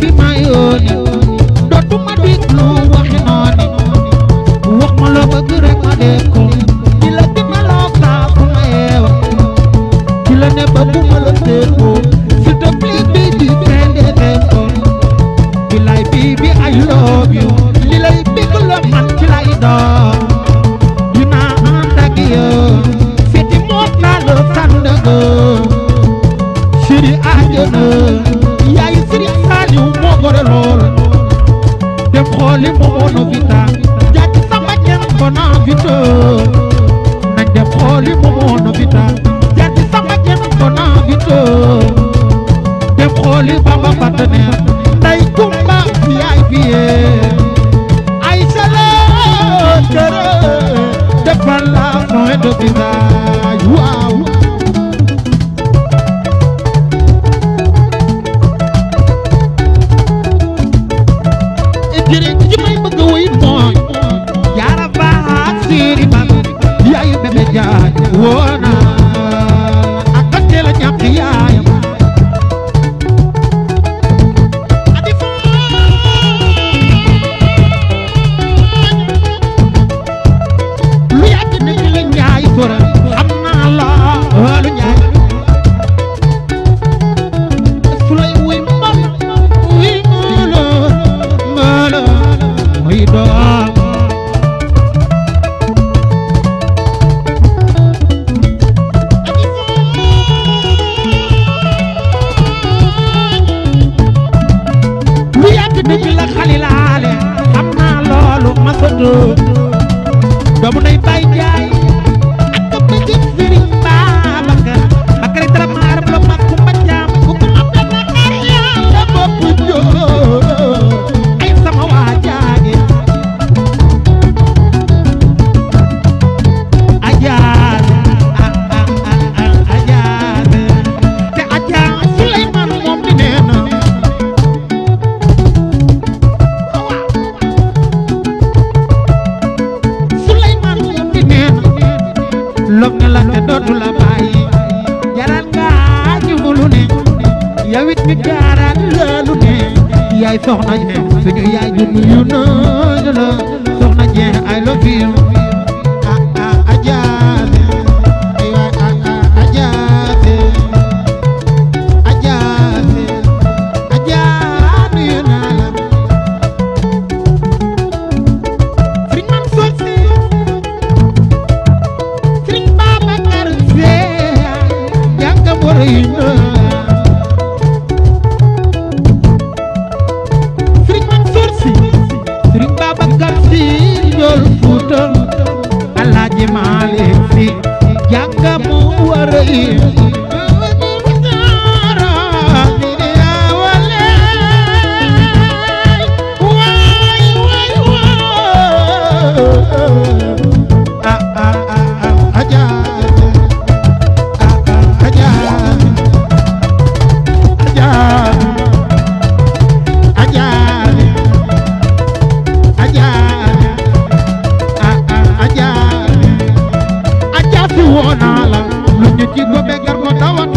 be my own. gore loola dem xooli moono vita jàkk sama ñen bona vito nañ dem xooli mo yow it a jaaraat loolu ne yaay soxna Dieng suñu yaay ju nuyu noonu la soxna Dieng I love you wanna que tu pegar contar tá uma